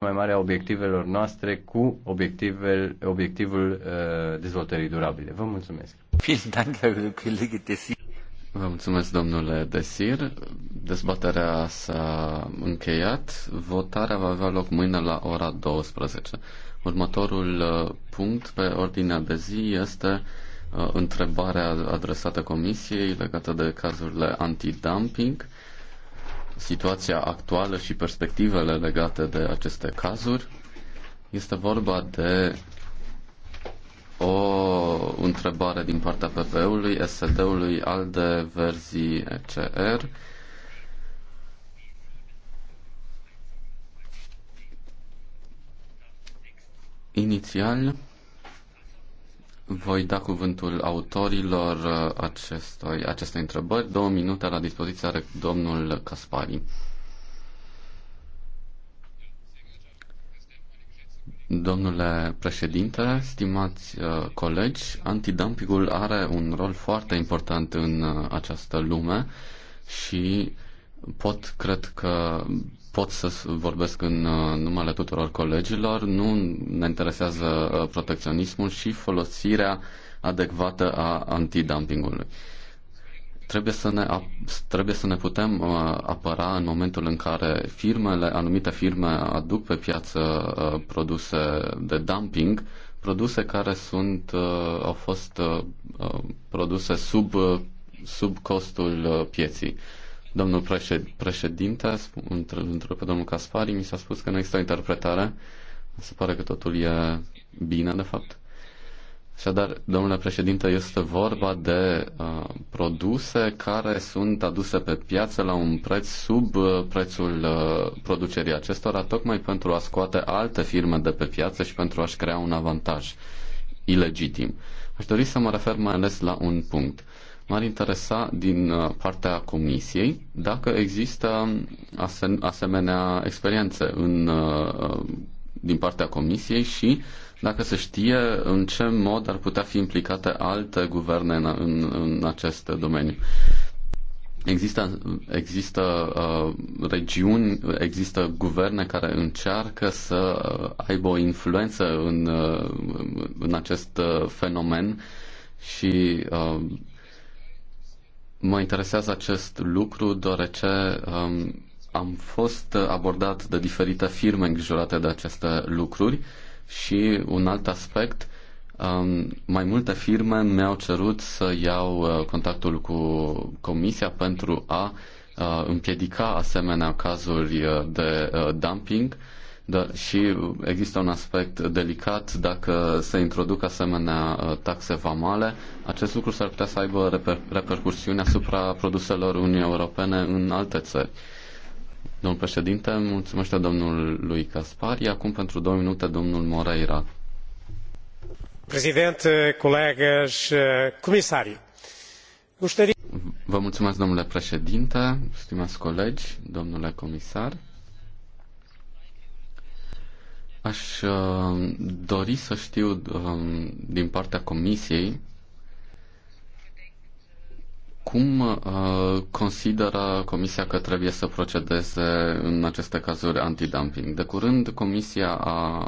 mai mare a obiectivelor noastre cu obiectivel, obiectivul uh, dezvoltării durabile. Vă mulțumesc! Vă mulțumesc, domnule Desir. Dezbaterea s-a încheiat. Votarea va avea loc mâine la ora 12. Următorul uh, punct pe ordinea de zi este uh, întrebarea adresată Comisiei legată de cazurile antidumping situația actuală și perspectivele legate de aceste cazuri. Este vorba de o întrebare din partea PP-ului, SD-ului, ALDE, Verzii, ECR. Inițial, voi da cuvântul autorilor uh, acestui, acestei întrebări. Două minute la dispoziție are domnul Caspari. Domnule președinte, stimați uh, colegi, antidumpingul are un rol foarte important în uh, această lume și pot, cred că pot să vorbesc în uh, numele tuturor colegilor. Nu ne interesează uh, protecționismul și folosirea adecvată a antidumpingului. Trebuie să, ne, trebuie să ne putem uh, apăra în momentul în care firmele, anumite firme aduc pe piață produse de dumping, produse care sunt, au fost produse sub, sub costul pieții Domnul președinte, întreb pe domnul Caspari, mi s-a spus că nu există o interpretare. Se pare că totul e bine, de fapt. Așadar, domnule președinte, este vorba de uh, produse care sunt aduse pe piață la un preț sub uh, prețul uh, producerii acestora, tocmai pentru a scoate alte firme de pe piață și pentru a-și crea un avantaj ilegitim. Aș dori să mă refer mai ales la un punct. M-ar interesa din uh, partea Comisiei dacă există asemenea experiențe în, uh, uh, din partea Comisiei și dacă se știe în ce mod ar putea fi implicate alte guverne în, în, în acest domeniu. Există, există uh, regiuni, există guverne care încearcă să aibă o influență în, uh, în acest uh, fenomen și uh, Mă interesează acest lucru deoarece um, am fost abordat de diferite firme îngrijorate de aceste lucruri și un alt aspect, um, mai multe firme mi-au cerut să iau uh, contactul cu comisia pentru a uh, împiedica asemenea cazuri uh, de uh, dumping uh, da, și există un aspect delicat dacă se introduc asemenea uh, taxe vamale. Acest lucru s-ar putea să aibă reper- repercursiuni asupra produselor Uniunii Europene în alte țări. Domnul președinte, mulțumesc domnului Caspari. Acum pentru două minute domnul Moreira. Președinte, colegas, uh, comisariu. Vă mulțumesc, domnule președinte, stimați colegi, domnule comisar. Aș uh, dori să știu um, din partea Comisiei cum uh, consideră Comisia că trebuie să procedeze în aceste cazuri antidumping. De curând, Comisia a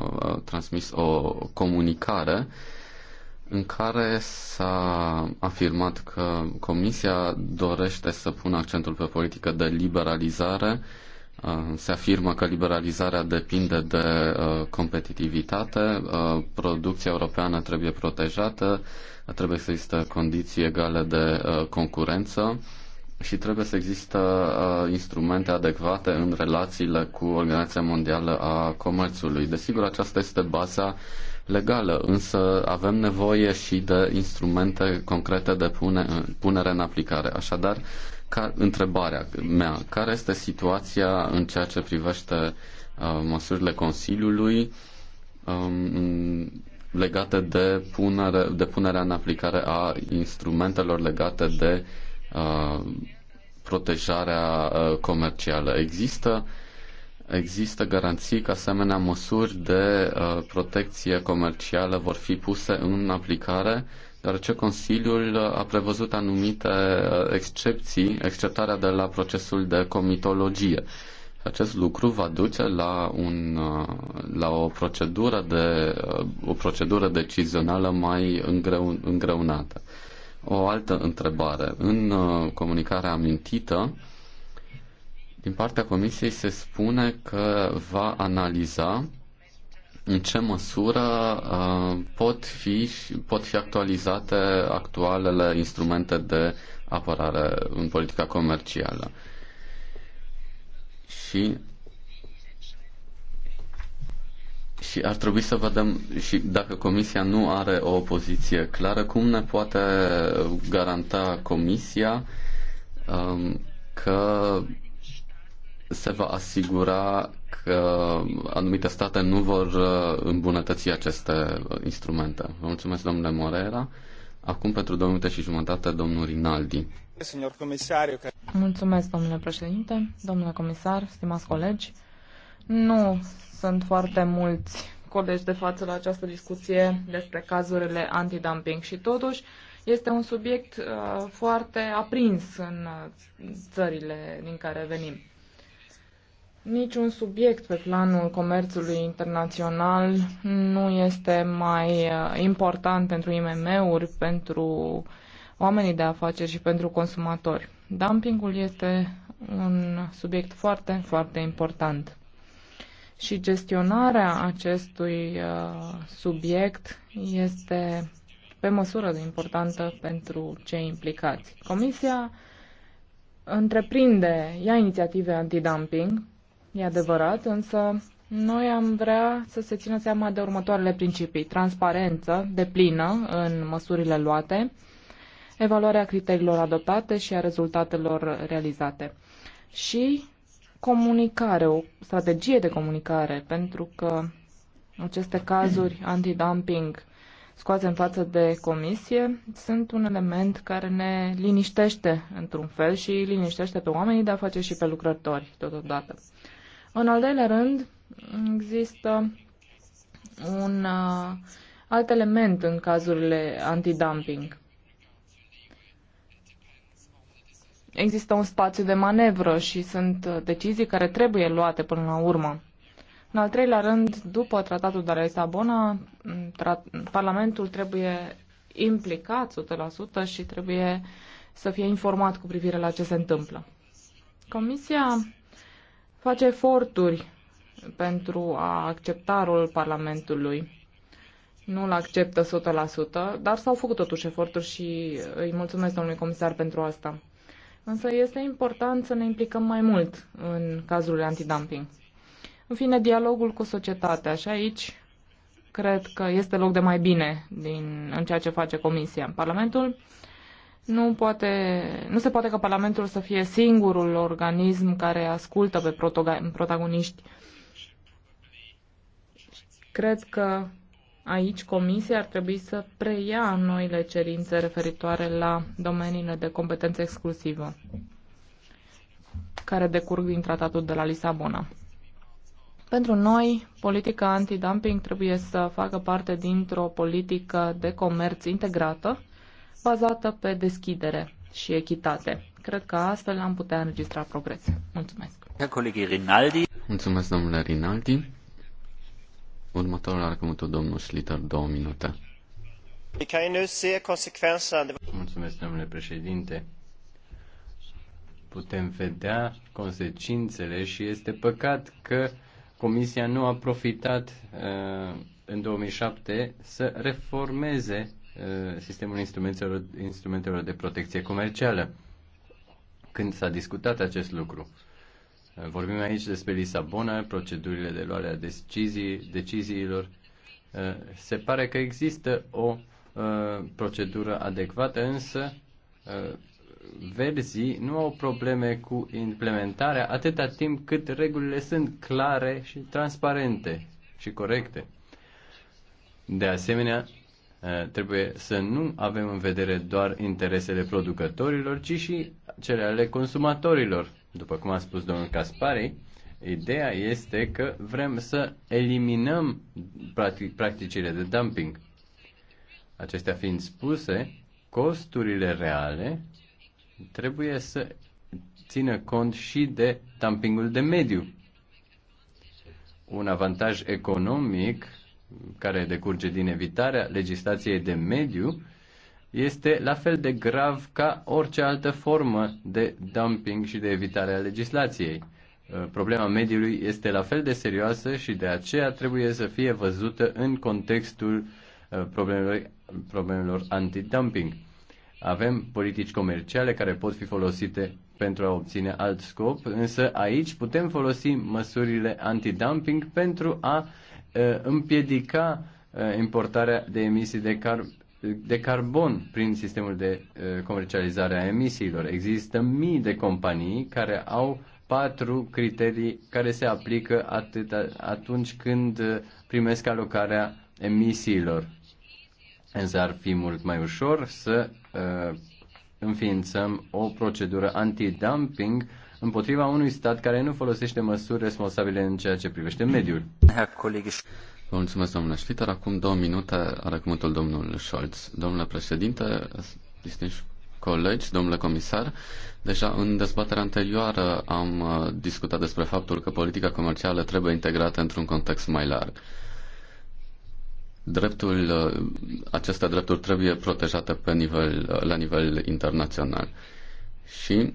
transmis o comunicare în care s-a afirmat că Comisia dorește să pună accentul pe politică de liberalizare Uh, se afirmă că liberalizarea depinde de uh, competitivitate, uh, producția europeană trebuie protejată, trebuie să existe condiții egale de concurență și trebuie să există instrumente adecvate în relațiile cu Organizația Mondială a Comerțului. Desigur, aceasta este baza legală, însă avem nevoie și de instrumente concrete de pune, punere în aplicare. Așadar, ca, întrebarea mea, care este situația în ceea ce privește uh, măsurile Consiliului um, legate de, punere, de punerea în aplicare a instrumentelor legate de uh, protejarea uh, comercială? Există Există garanții că asemenea măsuri de uh, protecție comercială vor fi puse în aplicare uh, deoarece Consiliul a prevăzut anumite uh, excepții, exceptarea de la procesul de comitologie. Acest lucru va duce la, un, uh, la o procedură, de, uh, o procedură decizională mai îngreun, îngreunată. O altă întrebare. În comunicarea amintită, din partea Comisiei se spune că va analiza în ce măsură uh, pot fi, pot fi actualizate actualele instrumente de apărare în politica comercială. Și și ar trebui să vedem și dacă Comisia nu are o poziție clară, cum ne poate garanta Comisia um, că se va asigura că anumite state nu vor uh, îmbunătăți aceste uh, instrumente. Vă mulțumesc, domnule Morera. Acum, pentru două minute și jumătate, domnul Rinaldi. Mulțumesc, domnule președinte, domnule comisar, stimați colegi. Nu sunt foarte mulți colegi de față la această discuție despre cazurile antidumping și totuși este un subiect uh, foarte aprins în uh, țările din care venim. Niciun subiect pe planul comerțului internațional nu este mai uh, important pentru IMM-uri, pentru oamenii de afaceri și pentru consumatori. Dumpingul este un subiect foarte, foarte important. Și gestionarea acestui uh, subiect este pe măsură de importantă pentru cei implicați. Comisia întreprinde, ia inițiative antidumping e adevărat, însă noi am vrea să se țină seama de următoarele principii. Transparență de plină în măsurile luate, evaluarea criteriilor adoptate și a rezultatelor realizate. Și comunicare, o strategie de comunicare, pentru că aceste cazuri anti-dumping scoase în față de comisie sunt un element care ne liniștește într-un fel și liniștește pe oamenii, dar face și pe lucrători totodată. În al doilea rând, există un uh, alt element în cazurile antidumping. Există un spațiu de manevră și sunt uh, decizii care trebuie luate până la urmă. În al treilea rând, după tratatul de la Lisabona, Parlamentul trebuie implicat 100% și trebuie să fie informat cu privire la ce se întâmplă. Comisia face eforturi pentru a accepta rolul Parlamentului. Nu l acceptă 100%, dar s-au făcut totuși eforturi și uh, îi mulțumesc domnului comisar pentru asta. Însă este important să ne implicăm mai mult în cazurile antidumping. În fine, dialogul cu societatea și aici cred că este loc de mai bine din, în ceea ce face Comisia. Parlamentul nu, poate, nu se poate ca Parlamentul să fie singurul organism care ascultă pe protagoniști. Cred că aici Comisia ar trebui să preia noile cerințe referitoare la domeniile de competență exclusivă care decurg din tratatul de la Lisabona. Pentru noi, politica antidumping trebuie să facă parte dintr-o politică de comerț integrată bazată pe deschidere și echitate. Cred că astfel am putea înregistra progrese. Mulțumesc. Rinaldi. Mulțumesc, domnule Rinaldi. Următorul argumentul domnul Schlitter, două minute. Mulțumesc, domnule președinte. Putem vedea consecințele și este păcat că Comisia nu a profitat uh, în 2007 să reformeze Uh, sistemul instrumentelor, instrumentelor de protecție comercială. Când s-a discutat acest lucru? Uh, vorbim aici despre Lisabona, procedurile de luare a decizii, deciziilor. Uh, se pare că există o procedură adecvată, însă verzii nu au probleme cu implementarea atâta timp cât regulile sunt clare și transparente și corecte. De asemenea, Eh, trebuie să nu avem în vedere doar interesele producătorilor, ci și cele ale consumatorilor. După cum a spus domnul Caspari, ideea este că vrem să eliminăm practicile de dumping. Acestea fiind spuse, costurile reale trebuie să țină cont și de dumpingul de mediu. Un avantaj economic care decurge din evitarea legislației de mediu este la fel de grav ca orice altă formă de dumping și de evitare a legislației. Uh, problema mediului este la fel de serioasă și de aceea trebuie să fie văzută în contextul uh, problemelor, problemelor dumping Avem politici comerciale care pot fi folosite pentru a obține alt scop, însă aici putem folosi măsurile anti-dumping pentru a Uh, împiedica uh, importarea de emisii de, car- de carbon prin sistemul de uh, comercializare a emisiilor. Există mii de companii care au patru criterii care se aplică atât atunci când primesc alocarea emisiilor. Însă ar fi mult mai ușor să uh, înființăm o procedură antidumping împotriva unui stat care nu folosește măsuri responsabile în ceea ce privește mediul. Vă mulțumesc, domnule Schlitter. Acum două minute are cuvântul domnul Scholz. Domnule președinte, distinși colegi, domnule comisar, deja în dezbaterea anterioară am uh, discutat despre faptul că politica comercială trebuie integrată într-un context mai larg. Dreptul, uh, aceste drepturi trebuie protejate pe nivel, uh, la nivel internațional. Și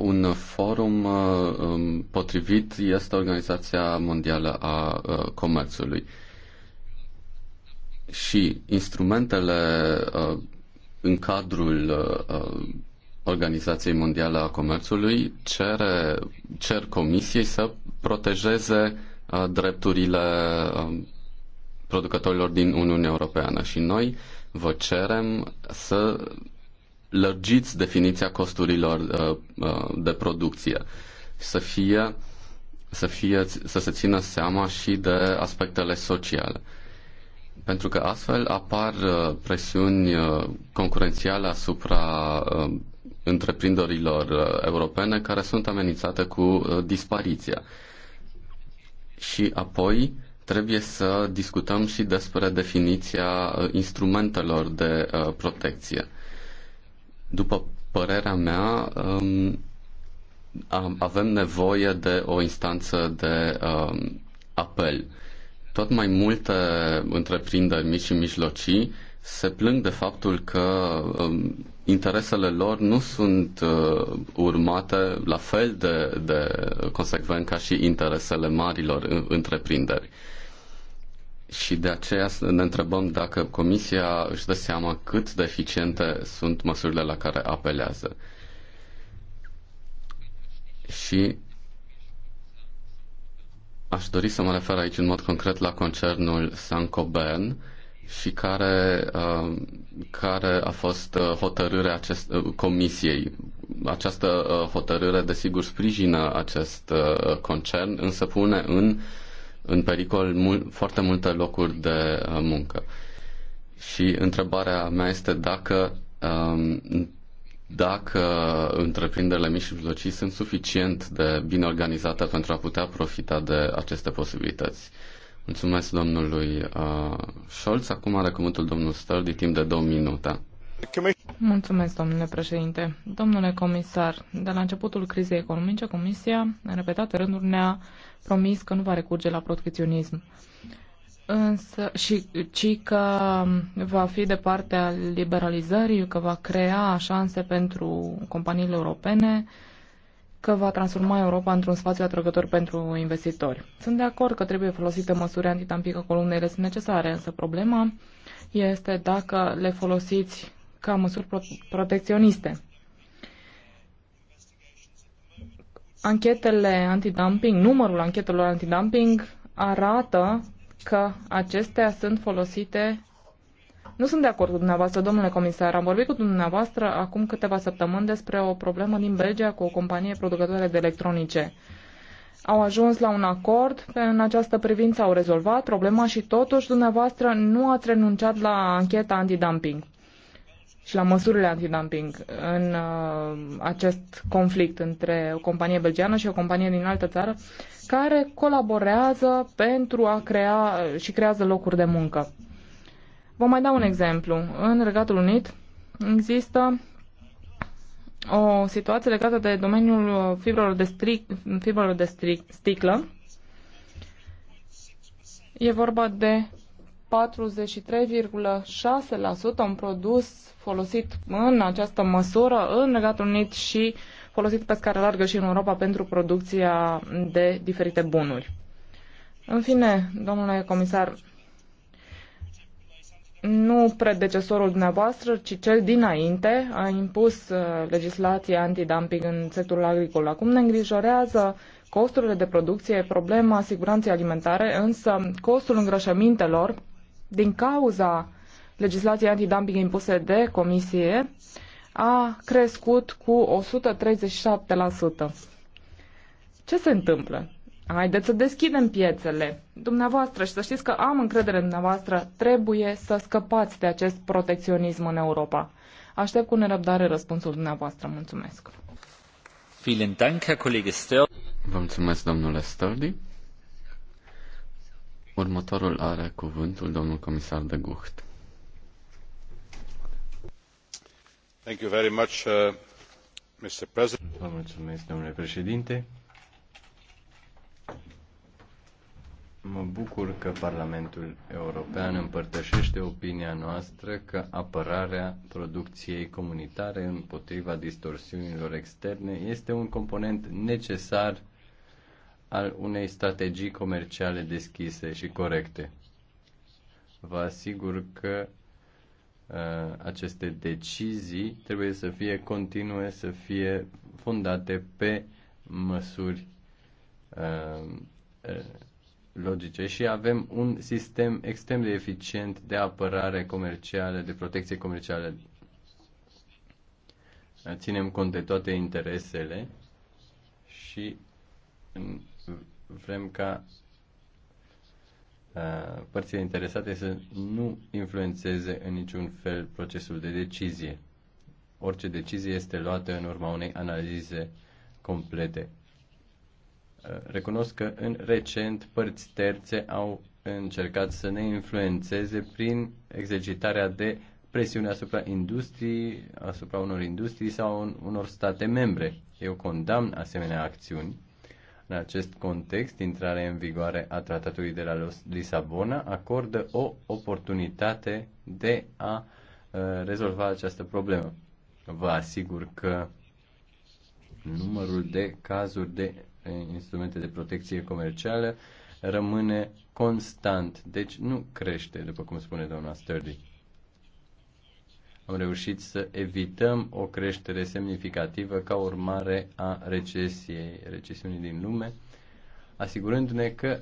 un forum uh, um, potrivit este Organizația Mondială a uh, Comerțului. Și instrumentele uh, în cadrul Organizației Mondiale a Comerțului cere, cer Comisiei să protejeze drepturile um, producătorilor din Uniunea Europeană și noi vă cerem să lărgiți definiția costurilor uh, uh, de producție, să fie să, fie, să se țină seama și de aspectele sociale. Pentru că astfel apar uh, presiuni concurențiale asupra întreprinderilor europene care sunt amenințate cu dispariția. Și apoi trebuie să discutăm și despre definiția instrumentelor de protecție după părerea mea, um, avem nevoie de o instanță de um, apel. Tot mai multe întreprinderi mici și mijlocii se plâng de faptul că um, interesele lor nu sunt uh, urmate la fel de, de consecvent ca și interesele marilor uh, întreprinderi. Și de aceea ne întrebăm dacă Comisia își dă seama cât de eficiente sunt măsurile la care apelează. Și aș dori să mă refer aici în mod concret la concernul Sankobern și care, uh, care a fost uh, hotărârea acest, uh, comisiei. Această uh, hotărâre, desigur, sprijină acest uh, concern, însă pune în uh, în pericol mul- foarte multe locuri de uh, muncă. Și întrebarea mea este dacă, um, dacă întreprinderile mici și mijlocii sunt suficient de bine organizate pentru a putea profita de aceste posibilități. Mulțumesc domnului uh, Scholz. Acum are cuvântul domnul de timp de două minute. Mulțumesc, domnule președinte. Domnule comisar, de la începutul crizei economice, Comisia, în repetate rânduri, ne-a promis că nu va recurge la protecționism însă, și, ci că va fi de partea liberalizării, că va crea șanse pentru companiile europene, că va transforma Europa într-un spațiu atrăgător pentru investitori. Sunt de acord că trebuie folosite măsuri antitampică columnele sunt necesare, însă problema este dacă le folosiți ca măsuri pro- protecționiste. Anchetele antidumping, numărul anchetelor antidumping arată că acestea sunt folosite. Nu sunt de acord cu dumneavoastră, domnule comisar. Am vorbit cu dumneavoastră acum câteva săptămâni despre o problemă din Belgia cu o companie producătoare de electronice. Au ajuns la un acord, în această privință au rezolvat problema și totuși dumneavoastră nu ați renunțat la ancheta antidumping și la măsurile antidumping în uh, acest conflict între o companie belgiană și o companie din altă țară care colaborează pentru a crea uh, și creează locuri de muncă. Vă mai dau un exemplu. În Regatul Unit există o situație legată de domeniul uh, fibrelor de, stric, fibrelor de stric, sticlă. E vorba de 43,6% un produs folosit în această măsură în Regatul Unit și folosit pe scară largă și în Europa pentru producția de diferite bunuri. În fine, domnule comisar, nu predecesorul dumneavoastră, ci cel dinainte a impus uh, legislația antidumping în sectorul agricol. Acum ne îngrijorează costurile de producție, problema siguranței alimentare, însă costul îngrășămintelor din cauza legislației antidumping impuse de Comisie, a crescut cu 137%. Ce se întâmplă? Haideți să deschidem piețele dumneavoastră și să știți că am încredere în dumneavoastră. Trebuie să scăpați de acest protecționism în Europa. Aștept cu nerăbdare răspunsul dumneavoastră. Mulțumesc. Vă mulțumesc, domnule Sturdy. Următorul are cuvântul domnul comisar de Gucht. Thank you very much, uh, Mr. President. Vă mulțumesc, domnule președinte. Mă bucur că Parlamentul European împărtășește opinia noastră că apărarea producției comunitare împotriva distorsiunilor externe este un component necesar al unei strategii comerciale deschise și corecte. Vă asigur că uh, aceste decizii trebuie să fie continue, să fie fondate pe măsuri uh, uh logice și avem un sistem extrem de eficient de apărare comercială, de protecție comercială. Ținem cont de toate interesele și vrem ca uh, părțile interesate să nu influențeze în niciun fel procesul de decizie. Orice decizie este luată în urma unei analize complete. Uh, recunosc că în recent părți terțe au încercat să ne influențeze prin exercitarea de presiune asupra industriei, asupra unor industrii sau unor state membre. Eu condamn asemenea acțiuni în acest context, intrarea în vigoare a tratatului de la Lisabona acordă o oportunitate de a uh, rezolva această problemă. Vă asigur că numărul de cazuri de uh, instrumente de protecție comercială rămâne constant, deci nu crește, după cum spune doamna Sturdy am reușit să evităm o creștere semnificativă ca urmare a recesiei, recesiunii din lume, asigurându-ne că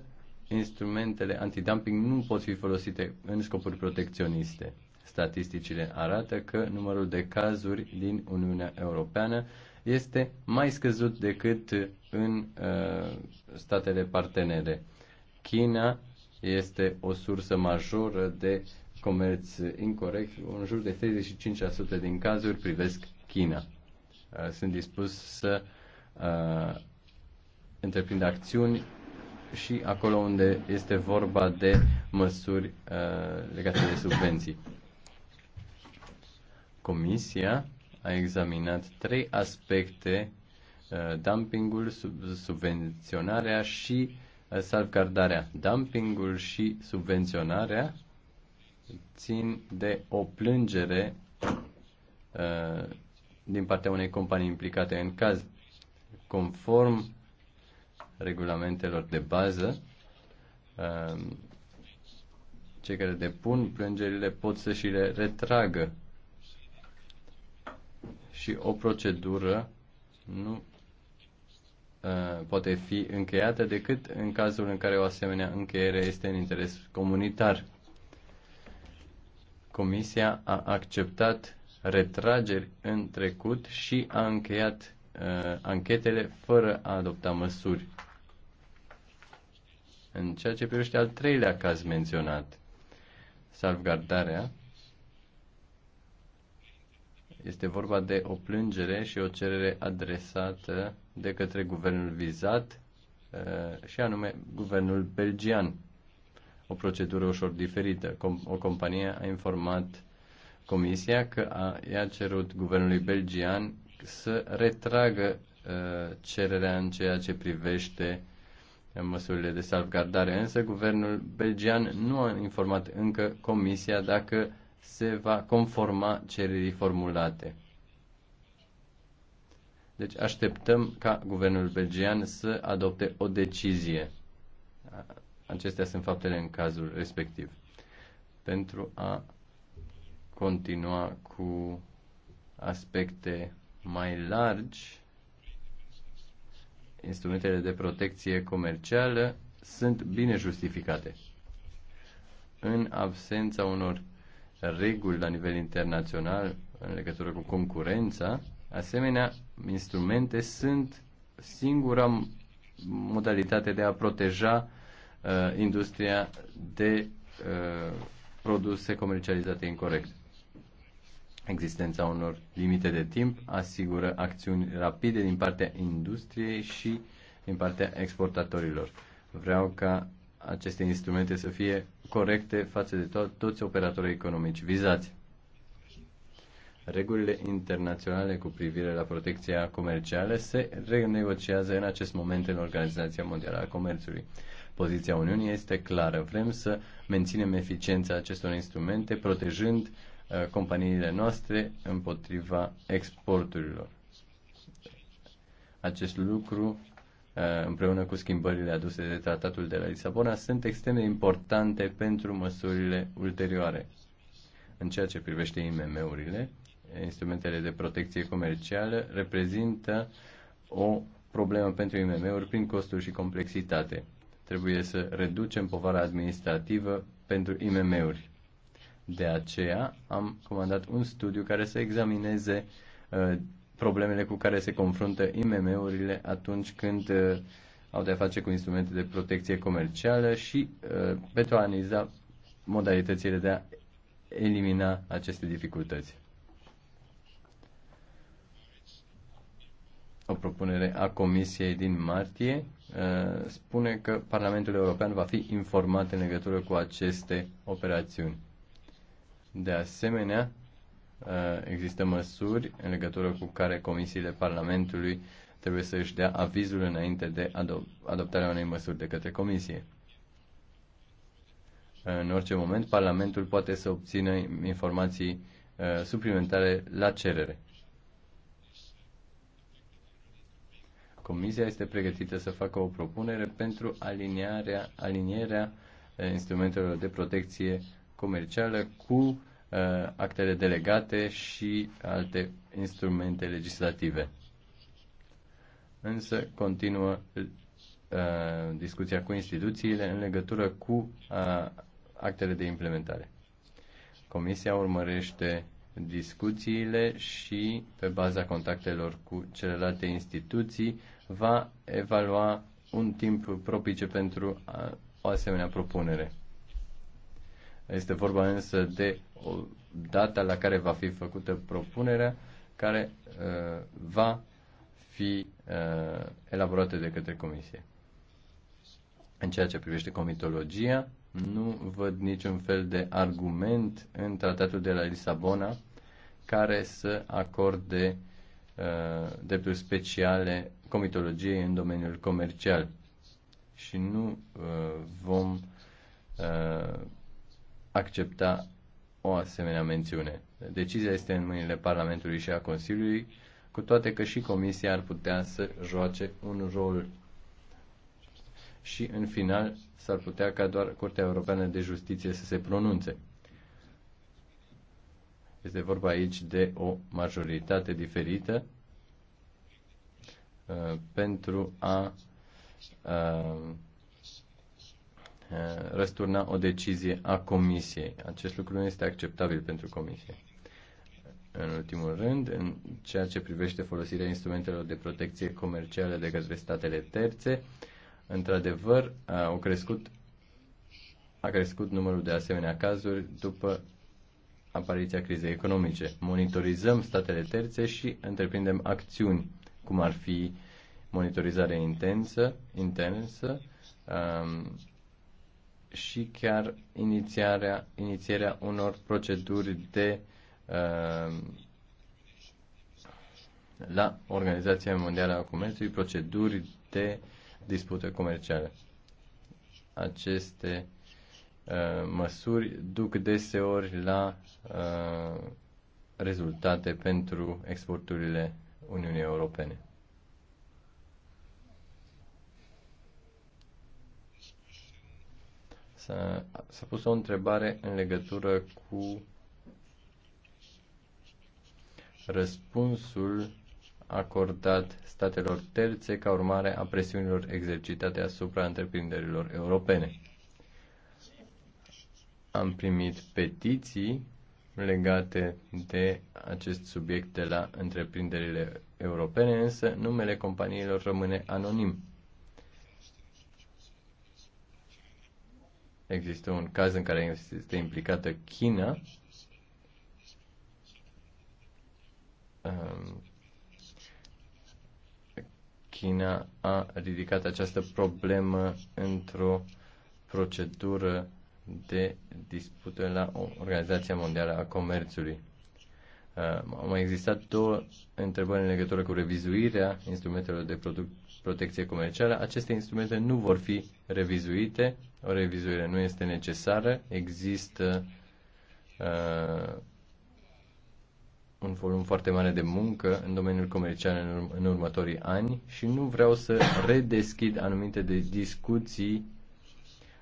instrumentele antidumping nu pot fi folosite în scopuri protecționiste. Statisticile arată că numărul de cazuri din Uniunea Europeană este mai scăzut decât în uh, statele partenere. China este o sursă majoră de comerț incorrect, în jur de 35% din cazuri privesc China. Uh, sunt dispus să uh, întreprind acțiuni și acolo unde este vorba de măsuri uh, legate de subvenții. Comisia a examinat trei aspecte, uh, dumpingul, sub, subvenționarea și uh, salvgardarea. Dumpingul și subvenționarea țin de o plângere uh, din partea unei companii implicate în caz. Conform regulamentelor de bază, uh, cei care depun plângerile pot să și le retragă și o procedură nu uh, poate fi încheiată decât în cazul în care o asemenea încheiere este în interes comunitar. Comisia a acceptat retrageri în trecut și a încheiat uh, anchetele fără a adopta măsuri. În ceea ce privește al treilea caz menționat, salvgardarea, este vorba de o plângere și o cerere adresată de către guvernul vizat uh, și anume guvernul belgian o procedură ușor diferită. o companie a informat Comisia că a, i-a cerut guvernului belgian să retragă uh, cererea în ceea ce privește uh, măsurile de salvgardare, însă guvernul belgian nu a informat încă Comisia dacă se va conforma cererii formulate. Deci așteptăm ca guvernul belgian să adopte o decizie. Acestea sunt faptele în cazul respectiv. Pentru a continua cu aspecte mai largi, instrumentele de protecție comercială sunt bine justificate. În absența unor reguli la nivel internațional în legătură cu concurența, asemenea, instrumente sunt singura modalitate de a proteja uh, industria de uh, produse comercializate incorrect. Existența unor limite de timp asigură acțiuni rapide din partea industriei și din partea exportatorilor. Vreau ca aceste instrumente să fie corecte față de to- toți operatorii economici vizați. Regulile internaționale cu privire la protecția comercială se renegociază în acest moment în Organizația Mondială a Comerțului. Poziția Uniunii este clară. Vrem să menținem eficiența acestor instrumente, protejând uh, companiile noastre împotriva exporturilor. Acest lucru, uh, împreună cu schimbările aduse de Tratatul de la Lisabona, sunt extrem de importante pentru măsurile ulterioare. În ceea ce privește IMM-urile, instrumentele de protecție comercială reprezintă o problemă pentru IMM-uri prin costuri și complexitate. Trebuie să reducem povara administrativă pentru IMM-uri. De aceea am comandat un studiu care să examineze uh, problemele cu care se confruntă IMM-urile atunci când uh, au de-a face cu instrumente de protecție comercială și uh, pentru a analiza modalitățile de a elimina aceste dificultăți. O propunere a Comisiei din martie Eh, spune că Parlamentul European va fi informat în legătură cu aceste operațiuni. De asemenea, eh, există măsuri în legătură cu care comisiile Parlamentului trebuie să își dea avizul înainte de adoptarea unei măsuri de către comisie. Eh, în orice moment, Parlamentul poate să obțină informații suplimentare la cerere. Comisia este pregătită să facă o propunere pentru alinierea, alinierea eh, instrumentelor de protecție comercială cu uh, actele delegate și alte instrumente legislative. Însă continuă uh, discuția cu instituțiile în legătură cu uh, actele de implementare. Comisia urmărește discuțiile și, pe baza contactelor cu celelalte instituții, va evalua un timp propice pentru a, o asemenea propunere. Este vorba însă de o data la care va fi făcută propunerea, care uh, va fi uh, elaborată de către Comisie. În ceea ce privește comitologia, nu văd niciun fel de argument în tratatul de la Lisabona care să acorde uh, drepturi speciale comitologiei în domeniul comercial. Și nu uh, vom uh, accepta o asemenea mențiune. Decizia este în mâinile Parlamentului și a Consiliului, cu toate că și Comisia ar putea să joace un rol. Și în final s-ar putea ca doar Curtea Europeană de Justiție să se pronunțe. Este vorba aici de o majoritate diferită uh, pentru a uh, uh, răsturna o decizie a comisiei. Acest lucru nu este acceptabil pentru comisie. În ultimul rând, în ceea ce privește folosirea instrumentelor de protecție comercială de către statele terțe, într-adevăr, au crescut, a crescut numărul de asemenea cazuri după apariția crizei economice. Monitorizăm statele terțe și întreprindem acțiuni, cum ar fi monitorizare intensă, intensă um, și chiar inițiarea, inițierea unor proceduri de um, la Organizația Mondială a Comerțului proceduri de dispute comerciale. Aceste Uh, măsuri duc deseori la uh, rezultate pentru exporturile Uniunii Europene. S-a pus o întrebare în legătură cu răspunsul acordat statelor terțe ca urmare a presiunilor exercitate asupra întreprinderilor europene am primit petiții legate de acest subiect de la întreprinderile europene, însă numele companiilor rămâne anonim. Există un caz în care este implicată China. China a ridicat această problemă într-o procedură de dispută la Organizația Mondială a Comerțului. Uh, au mai existat două întrebări în legătură cu revizuirea instrumentelor de protecție comercială. Aceste instrumente nu vor fi revizuite, o revizuire nu este necesară, există uh, un volum foarte mare de muncă în domeniul comercial în, urm- în următorii ani și nu vreau să redeschid anumite de discuții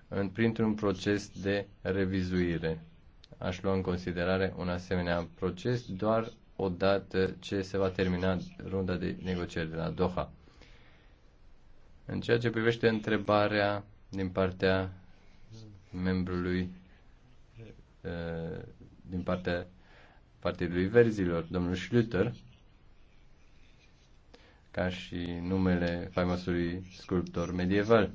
în, printr-un proces de revizuire. Aș lua în considerare un asemenea proces doar odată ce se va termina runda de negocieri de la Doha. În ceea ce privește întrebarea din partea membrului eh, din partea Partidului Verzilor, domnul Schlüter, ca și numele faimosului sculptor medieval.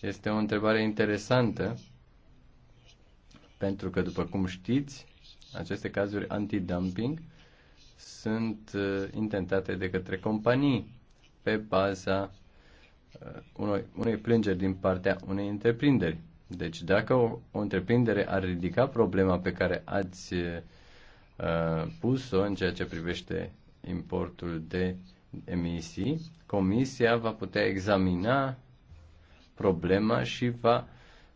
Este o întrebare interesantă, pentru că, după cum știți, aceste cazuri anti-dumping sunt uh, intentate de către companii pe baza uh, unei, unei plângeri din partea unei întreprinderi. Deci, dacă o, o întreprindere ar ridica problema pe care ați uh, pus-o în ceea ce privește importul de emisii, Comisia va putea examina problema și va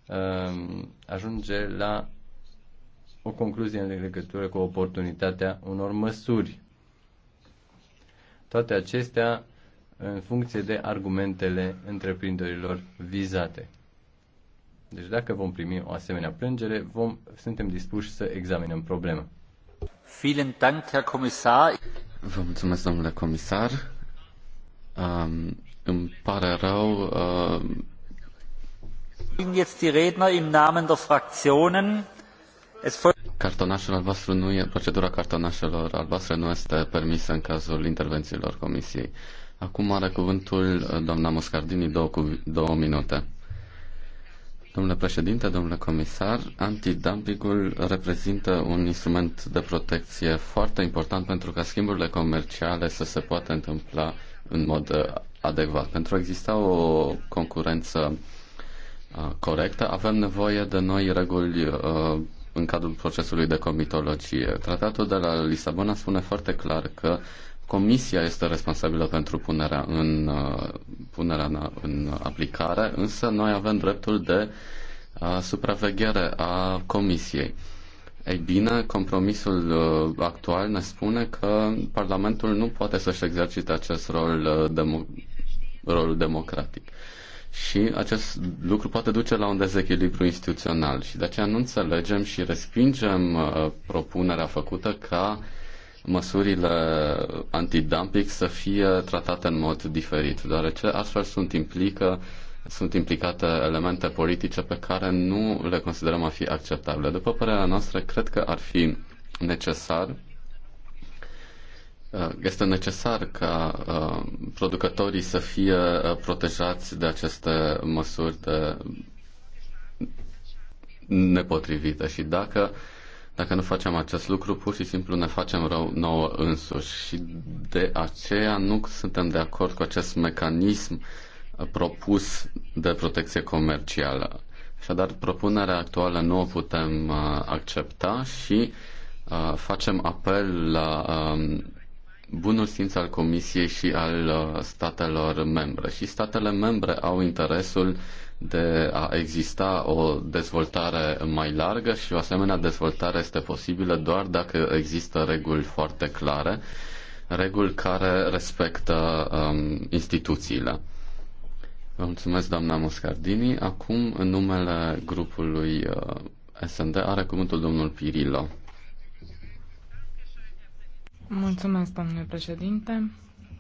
uh, ajunge la o concluzie în legătură cu oportunitatea unor măsuri. Toate acestea în funcție de argumentele întreprinderilor vizate. Deci dacă vom primi o asemenea plângere, vom, suntem dispuși să examinăm problema. Vă mulțumesc, domnule comisar. Um, îmi pare rău, uh, Cartonașul albastru nu e, procedura cartonașelor albastre nu este permisă în cazul intervențiilor Comisiei. Acum are cuvântul uh, doamna Moscardini, două, două minute. Domnule președinte, domnule comisar, antidumpingul reprezintă un instrument de protecție foarte important pentru ca schimburile comerciale să se poată întâmpla în mod uh, adecvat. Pentru a exista o concurență corectă, avem nevoie de noi reguli uh, în cadrul procesului de comitologie. Tratatul de la Lisabona spune foarte clar că Comisia este responsabilă pentru punerea în, uh, punerea în, în aplicare, însă noi avem dreptul de uh, supraveghere a Comisiei. Ei bine, compromisul uh, actual ne spune că Parlamentul nu poate să-și exercite acest rol, demo- rol democratic. Uh, și acest lucru poate duce la un dezechilibru instituțional și de aceea nu înțelegem și respingem uh, propunerea făcută ca măsurile antidumping să fie tratate în mod diferit, deoarece astfel sunt implică sunt implicate elemente politice pe care nu le considerăm a fi acceptabile. După părerea noastră, cred că ar fi necesar Uh, este necesar ca uh, producătorii să fie uh, protejați de aceste măsuri de nepotrivite și dacă, dacă nu facem acest lucru, pur și simplu ne facem rău nouă însuși și de aceea nu suntem de acord cu acest mecanism propus de protecție comercială. Așadar, propunerea actuală nu o putem accepta și facem apel la um, bunul simț al Comisiei și al uh, statelor membre. Și statele membre au interesul de a exista o dezvoltare mai largă și o asemenea dezvoltare este posibilă doar dacă există reguli foarte clare, reguli care respectă um, instituțiile. Vă mulțumesc, doamna Moscardini. Acum, în numele grupului uh, SND, are cuvântul domnul Pirilo. Mulțumesc, domnule președinte,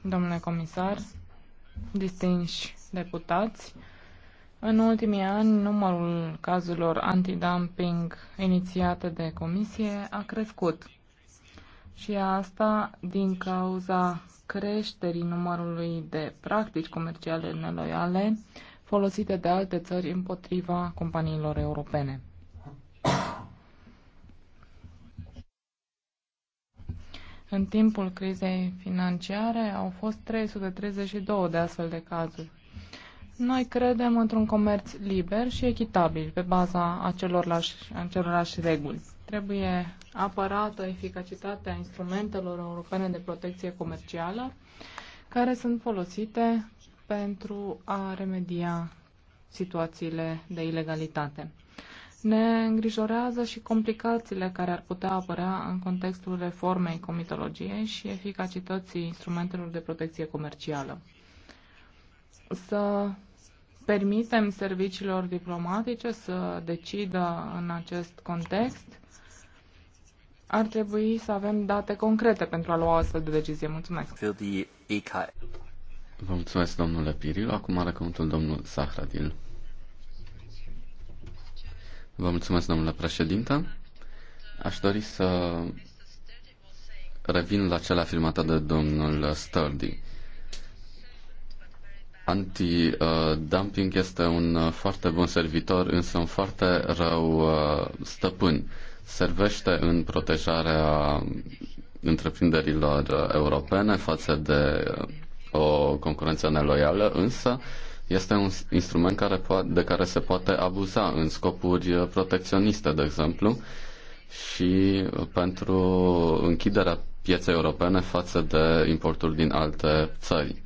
domnule comisar, distinși deputați. În ultimii ani, numărul cazurilor antidumping inițiate de comisie a crescut. Și asta din cauza creșterii numărului de practici comerciale neloiale folosite de alte țări împotriva companiilor europene. În timpul crizei financiare au fost 332 de astfel de cazuri. Noi credem într-un comerț liber și echitabil pe baza acelorlași, reguli. Trebuie apărată eficacitatea instrumentelor europene de protecție comercială care sunt folosite pentru a remedia situațiile de ilegalitate. Ne îngrijorează și complicațiile care ar putea apărea în contextul reformei comitologiei și eficacității instrumentelor de protecție comercială. Să permitem serviciilor diplomatice să decidă în acest context, ar trebui să avem date concrete pentru a lua astfel de decizie. Mulțumesc! Vă mulțumesc, domnule Piriu. Acum are cuvântul domnul Zahradil. Vă mulțumesc, domnule președinte. Aș dori să revin la cele afirmate de domnul Sturdy. Anti-dumping este un foarte bun servitor, însă un foarte rău uh, stăpân. Servește în protejarea întreprinderilor uh, europene față de uh, o concurență neloială, însă uh, este un instrument care de care se poate abuza în scopuri protecționiste, de exemplu, și pentru închiderea pieței europene față de importuri din alte țări.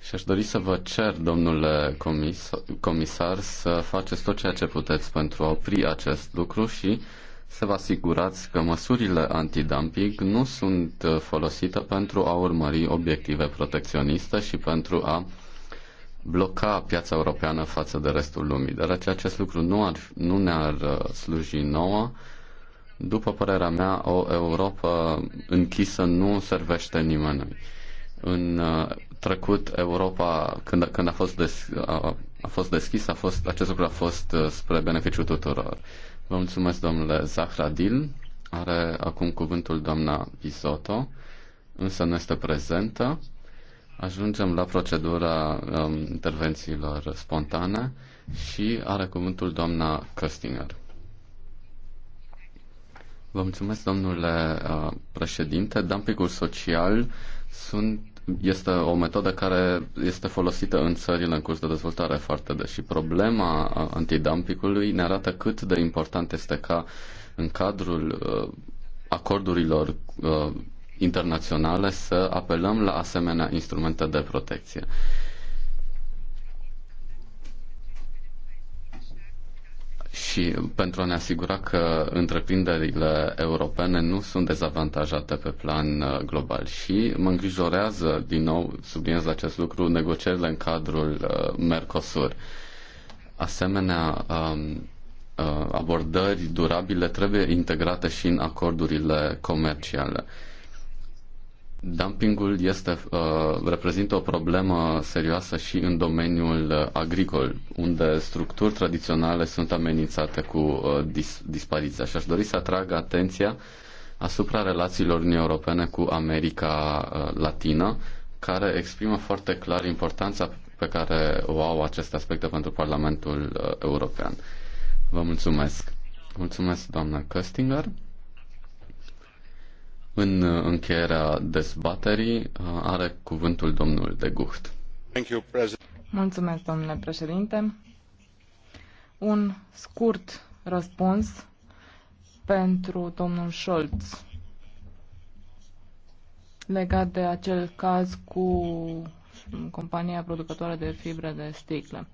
Și aș dori să vă cer, domnule comis- comisar, să faceți tot ceea ce puteți pentru a opri acest lucru și să vă asigurați că măsurile antidumping nu sunt folosite pentru a urmări obiective protecționiste și pentru a bloca piața europeană față de restul lumii. Dar acest lucru nu, ar, nu ne-ar uh, sluji nouă. După părerea mea, o Europa închisă nu servește nimănui. În uh, trecut, Europa, când, când a, fost des, a, a fost deschis, a fost, acest lucru a fost uh, spre beneficiul tuturor. Vă mulțumesc, domnule Zahradil. Are acum cuvântul doamna Pisoto, însă nu este prezentă. Ajungem la procedura um, intervențiilor spontane și are cuvântul doamna Căstinger. Vă mulțumesc, domnule uh, președinte. Dumpingul social sunt, este o metodă care este folosită în țările în curs de dezvoltare foarte des și problema uh, antidumpingului ne arată cât de important este ca în cadrul uh, acordurilor uh, internaționale să apelăm la asemenea instrumente de protecție. Și pentru a ne asigura că întreprinderile europene nu sunt dezavantajate pe plan uh, global. Și mă îngrijorează, din nou subliniez acest lucru, negocierile în cadrul uh, Mercosur. Asemenea, um, uh, abordări durabile trebuie integrate și în acordurile comerciale. Dumpingul este, uh, reprezintă o problemă serioasă și în domeniul uh, agricol, unde structuri tradiționale sunt amenințate cu uh, dis- dispariția. Și aș dori să atrag atenția asupra relațiilor Uniunii Europene cu America Latină, care exprimă foarte clar importanța pe care o au aceste aspecte pentru Parlamentul European. Vă mulțumesc. Mulțumesc, doamna Köstinger. În uh, încheierea dezbaterii uh, are cuvântul domnul de Gucht. Mulțumesc, domnule președinte. Un scurt răspuns pentru domnul Scholz legat de acel caz cu compania producătoare de fibre de sticlă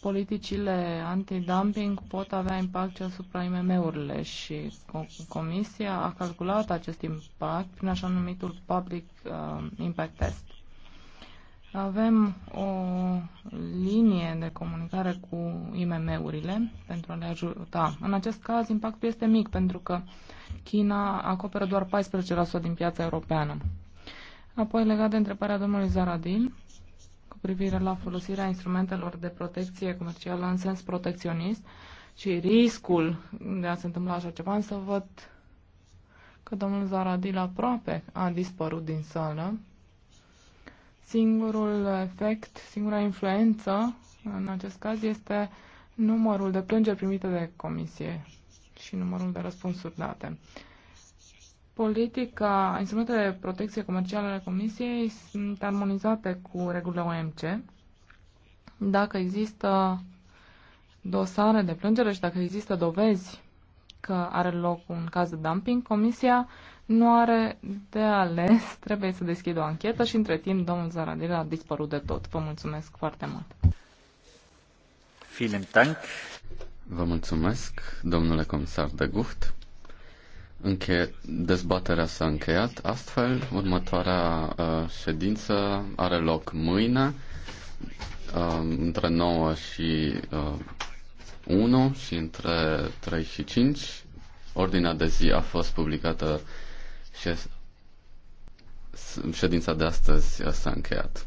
politicile antidumping pot avea impact și asupra IMM-urile și Comisia a calculat acest impact prin așa numitul Public uh, Impact Test. Avem o linie de comunicare cu IMM-urile pentru a le ajuta. În acest caz, impactul este mic pentru că China acoperă doar 14% din piața europeană. Apoi, legat de întrebarea domnului Zaradin, privire la folosirea instrumentelor de protecție comercială în sens protecționist și riscul de a se întâmpla așa ceva, însă văd că domnul Zaradil aproape a dispărut din sală. Singurul efect, singura influență în acest caz este numărul de plângeri primite de comisie și numărul de răspunsuri date. Politica, instrumentele de protecție comercială ale Comisiei sunt armonizate cu regulile OMC. Dacă există dosare de plângere și dacă există dovezi că are loc un caz de dumping, Comisia nu are de ales, trebuie să deschidă o anchetă și între timp domnul Zaradil a dispărut de tot. Vă mulțumesc foarte mult. Vielen Dank. Vă mulțumesc, domnule comisar de Gucht. Înche- dezbaterea s-a încheiat. Astfel, următoarea uh, ședință are loc mâine uh, între 9 și uh, 1 și între 3 și 5. Ordinea de zi a fost publicată și ședința de astăzi s-a încheiat.